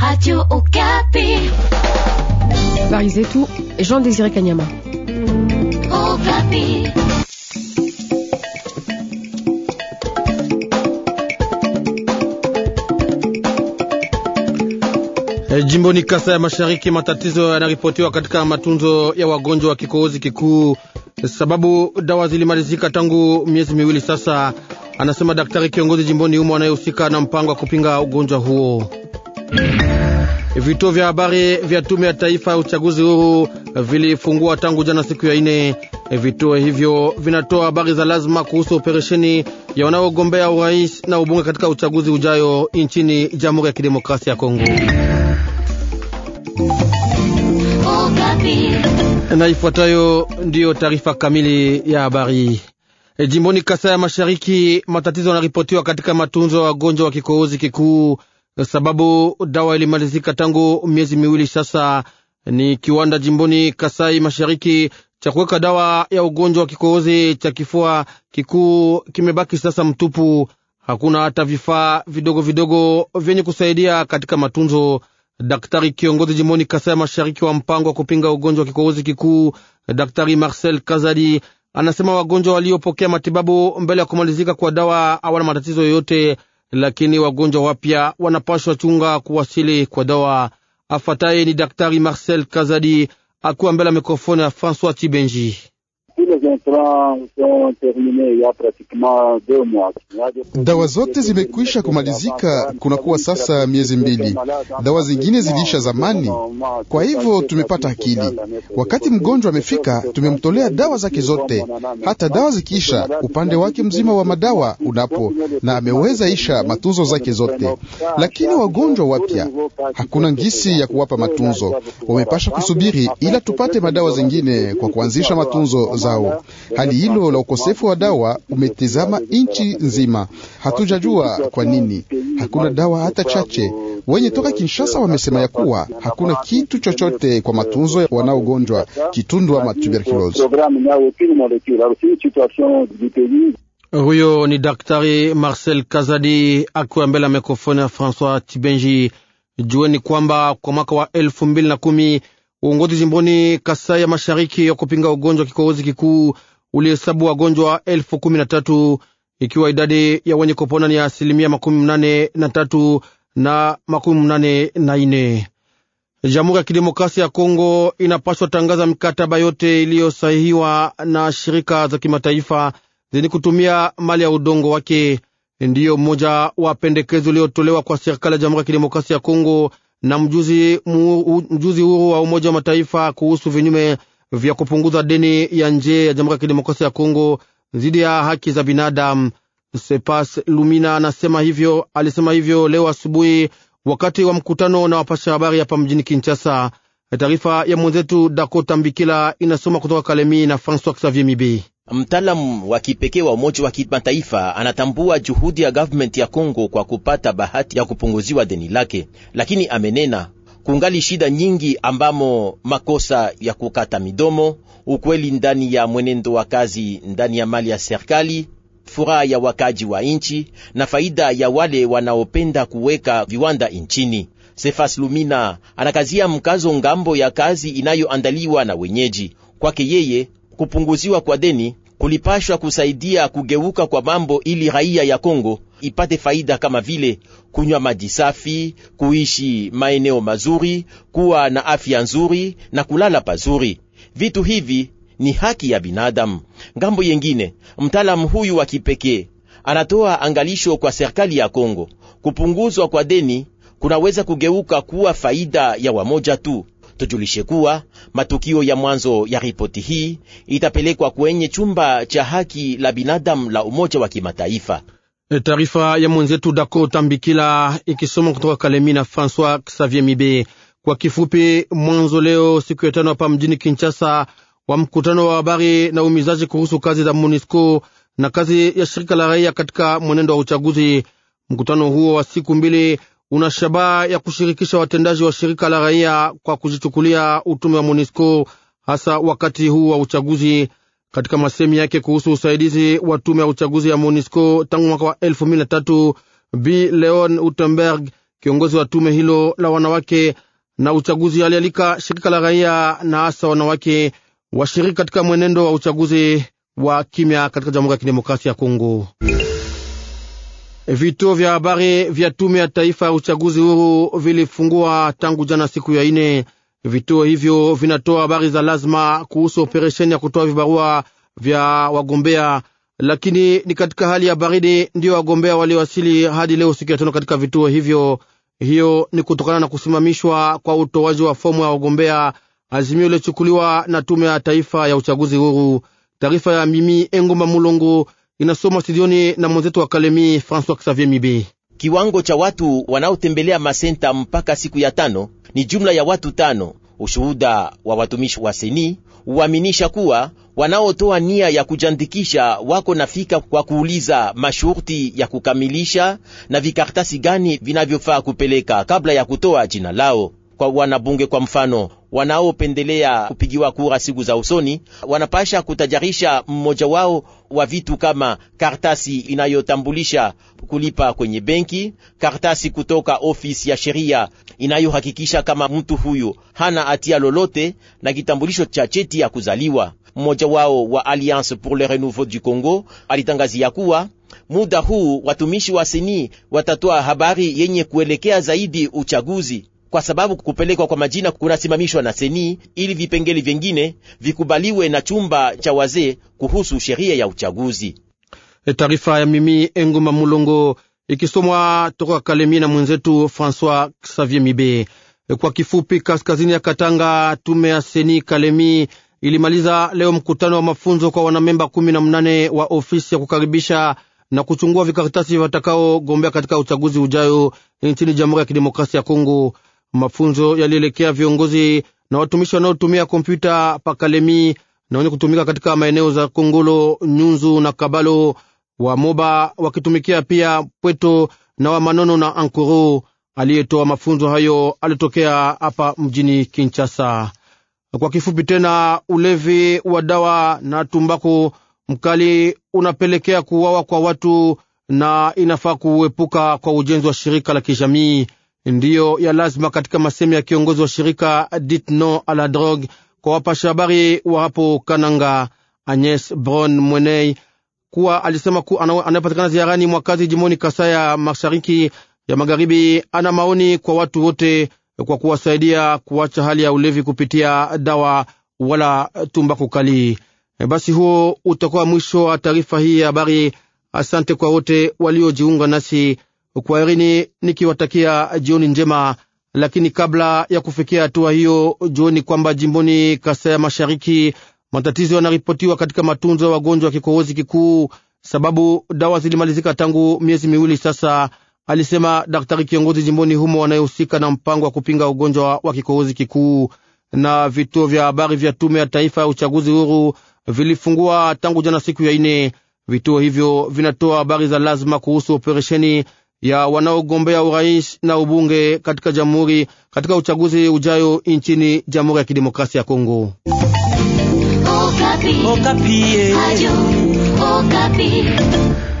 Radio Okapi. Habari zetu Jean Désiré Kanyama. Okapi. Eh, jimboni Kasa ya Mashariki, matatizo yanaripotiwa katika matunzo ya wagonjwa wa kikohozi kikuu, sababu dawa zilimalizika tangu miezi miwili sasa, anasema daktari kiongozi jimboni humo anayehusika na mpango wa kupinga ugonjwa huo. Vituo vya habari vya tume ya taifa ya uchaguzi huru vilifungua tangu jana siku ya ine. Vituo hivyo vinatoa habari za lazima kuhusu operesheni ya wanaogombea urais na ubunge katika uchaguzi ujayo nchini Jamhuri ya Kidemokrasia ya Kongo. Na ifuatayo ndiyo taarifa kamili ya habari. E, jimboni Kasai ya Mashariki matatizo yanaripotiwa katika matunzo ya wagonjwa wa kikohozi kikuu sababu dawa ilimalizika tangu miezi miwili sasa. Ni kiwanda jimboni Kasai Mashariki cha kuweka dawa ya ugonjwa wa kikohozi cha kifua kikuu kimebaki sasa mtupu. Hakuna hata vifaa vidogo vidogo vyenye kusaidia katika matunzo. Daktari kiongozi jimboni Kasai Mashariki wa mpango wa kupinga ugonjwa wa kikohozi kikuu, Daktari Marcel Kazadi anasema wagonjwa waliopokea matibabu mbele ya kumalizika kwa dawa hawana matatizo yoyote lakini wagonjwa wapya wanapashwa chunga kuwasili kwa dawa. Afataye ni Daktari Marcel Kazadi akiwa mbele ya mikrofoni ya François Chibenji. Yaani dawa zote zimekwisha kumalizika, kunakuwa sasa miezi mbili. Dawa zingine zilisha zamani, kwa hivyo tumepata akili. Wakati mgonjwa amefika, tumemtolea dawa zake zote, hata dawa zikiisha, upande wake mzima wa madawa unapo, na ameweza isha matunzo zake zote. Lakini wagonjwa wapya, hakuna ngisi ya kuwapa matunzo, wamepasha kusubiri ila tupate madawa zingine kwa kuanzisha matunzo za zao. Hali hilo la ukosefu wa dawa umetizama nchi nzima, hatujajua kwa nini hakuna dawa hata chache. Wenye toka Kinshasa wamesema ya kuwa hakuna kitu chochote kwa matunzo wanaogonjwa kitundwa ma Huyo ni Daktari Marcel Kazadi akiwa mbele ya mikrofoni ya Tibenji. Jueni kwamba kwa mwaka wa elfu mbili na kumi Uongozi jimboni Kasai ya mashariki ya kupinga ugonjwa kikohozi kikuu ulihesabu wagonjwa elfu kumi na tatu ikiwa idadi ya wenye kupona ni asilimia makumi mnane na tatu na makumi mnane na ine. Jamhuri ya Kidemokrasia ya Kongo inapaswa tangaza mikataba yote iliyosahihiwa na shirika za kimataifa zenye kutumia mali ya udongo wake. Ndiyo mmoja wa pendekezo uliotolewa kwa serikali ya Jamhuri ya Kidemokrasia ya Kongo na mjuzi, mu, mjuzi huru wa Umoja wa Mataifa kuhusu vinyume vya kupunguza deni ya nje ya Jamhuri ya Kidemokrasia ya Kongo dhidi ya haki za binadamu Sepas Lumina anasema hivyo, alisema hivyo leo asubuhi wakati wa mkutano na wapasha habari hapa mjini Kinshasa. Taarifa ya mwenzetu Dakota Mbikila inasoma kutoka Kalemi na Francois Xavier Mibi. Mtaalamu wa kipekee wa Umoja wa Kimataifa anatambua juhudi ya government ya Kongo kwa kupata bahati ya kupunguziwa deni lake, lakini amenena kungali shida nyingi ambamo makosa ya kukata midomo, ukweli ndani ya mwenendo wa kazi ndani ya mali ya serikali, furaha ya wakaji wa nchi na faida ya wale wanaopenda kuweka viwanda nchini. Sefas Lumina anakazia mkazo ngambo ya kazi inayoandaliwa na wenyeji. Kwake yeye kupunguziwa kwa deni kulipashwa kusaidia kugeuka kwa mambo ili raia ya Kongo ipate faida kama vile kunywa maji safi, kuishi maeneo mazuri, kuwa na afya nzuri na kulala pazuri. Vitu hivi ni haki ya binadamu. Ngambo yengine, mtaalamu huyu wa kipekee anatoa angalisho kwa serikali ya Kongo: kupunguzwa kwa deni kunaweza kugeuka kuwa faida ya wamoja tu. Tujulishe kuwa matukio ya mwanzo ya ripoti hii itapelekwa kwenye chumba cha haki la binadamu la Umoja wa Kimataifa. E, taarifa ya mwenzetu dako tambikila ikisoma kutoka Kalemi na Francois Xavier Mibe. Kwa kifupi, mwanzo leo siku ya tano hapa mjini Kinshasa wa mkutano wa habari na umizaji kuhusu kazi za MONUSCO na kazi ya shirika la raia katika mwenendo wa uchaguzi. Mkutano huo wa siku mbili una shabaha ya kushirikisha watendaji wa shirika la raia kwa kujichukulia utume wa MONUSCO hasa wakati huu wa uchaguzi. Katika masemi yake kuhusu usaidizi wa tume ya uchaguzi ya MONUSCO tangu mwaka wa elfu mbili na tatu, B Leon Utemberg, kiongozi wa tume hilo la wanawake na uchaguzi, alialika shirika la raia na hasa wanawake washiriki katika mwenendo wa uchaguzi wa kimya katika Jamhuri ya Kidemokrasia ya Kongo. Vituo vya habari vya tume ya taifa ya uchaguzi huru vilifungua tangu jana siku ya ine. Vituo hivyo vinatoa habari za lazima kuhusu operesheni ya kutoa vibarua vya wagombea, lakini ni katika hali ya baridi ndiyo wagombea waliowasili hadi leo siku ya tano katika vituo hivyo. Hiyo ni kutokana na kusimamishwa kwa utoaji wa fomu ya wagombea, azimio iliyochukuliwa na tume ya taifa ya uchaguzi huru. Taarifa ya Mimi Engumba Mulungu inasoma studioni na mwenzetu wa Kalemi François Xavier Mibe. Kiwango cha watu wanaotembelea masenta mpaka siku ya tano ni jumla ya watu tano. Ushuhuda wa watumishi wa seni huaminisha kuwa wanaotoa nia ya kujandikisha wako nafika kwa kuuliza mashurti ya kukamilisha na vikaratasi gani vinavyofaa kupeleka kabla ya kutoa jina lao. Kwa wanabunge kwa mfano, wanaopendelea kupigiwa kura siku za usoni wanapasha kutajarisha mmoja wao wa vitu kama kartasi inayotambulisha kulipa kwenye benki, kartasi kutoka ofisi ya sheria inayohakikisha kama mtu huyu hana hatia lolote, na kitambulisho cha cheti ya kuzaliwa. Mmoja wao wa Alliance pour le Renouveau du Congo alitangazia kuwa muda huu watumishi wa seni watatoa habari yenye kuelekea zaidi uchaguzi kwa sababu kupelekwa kwa majina kunasimamishwa na seni ili vipengele vyengine vikubaliwe na chumba cha wazee kuhusu sheria ya uchaguzi. E, taarifa ya mimi Engoma Mulongo ikisomwa toka Kalemi na mwenzetu François Xavier Mibe. E, kwa kifupi, kaskazini ya Katanga, tume ya seni Kalemi ilimaliza leo mkutano wa mafunzo kwa wanamemba kumi na mnane wa ofisi ya kukaribisha na kuchungua vikaratasi vatakaogombea katika uchaguzi ujayo nchini Jamhuri ya Kidemokrasia ya Kongo. Mafunzo yalielekea viongozi na watumishi wanaotumia kompyuta pakalemi na wenye kutumika katika maeneo za Kongolo, Nyunzu na Kabalo, wa Moba wakitumikia pia Pweto na wa Manono na Ankuru. Aliyetoa mafunzo hayo alitokea hapa mjini Kinshasa. Kwa kifupi tena, ulevi wa dawa na tumbaku mkali unapelekea kuuawa kwa watu na inafaa kuepuka kwa ujenzi wa shirika la kijamii ndiyo ya lazima katika masemi ya kiongozi wa shirika Ditno a la Drogue kwa wapasha habari wa hapo Kananga, Agnes Bron Mwenei, kuwa alisema ku anayepatikana ziarani mwakazi jimoni Kasaya mashariki ya magharibi ana maoni kwa watu wote kwa kuwasaidia kuacha hali ya ulevi kupitia dawa wala tumbaku kali. E, basi huo utakuwa mwisho wa taarifa hii ya habari. Asante kwa wote waliojiunga nasi kwaherini, nikiwatakia jioni njema. Lakini kabla ya kufikia hatua hiyo, jioni kwamba jimboni Kasai ya Mashariki matatizo yanaripotiwa katika matunzo ya wagonjwa wa kikohozi kikuu, sababu dawa zilimalizika tangu miezi miwili sasa, alisema daktari kiongozi jimboni humo anayehusika na mpango wa kupinga ugonjwa wa kikohozi kikuu. Na vituo vya habari vya tume ya taifa ya uchaguzi huru vilifungua tangu jana siku ya ine. Vituo hivyo vinatoa habari za lazima kuhusu operesheni ya wanaogombea urais na ubunge katika jamhuri katika uchaguzi ujayo nchini Jamhuri ya Kidemokrasia ya Kongo. Okapi. Okapi. Eh.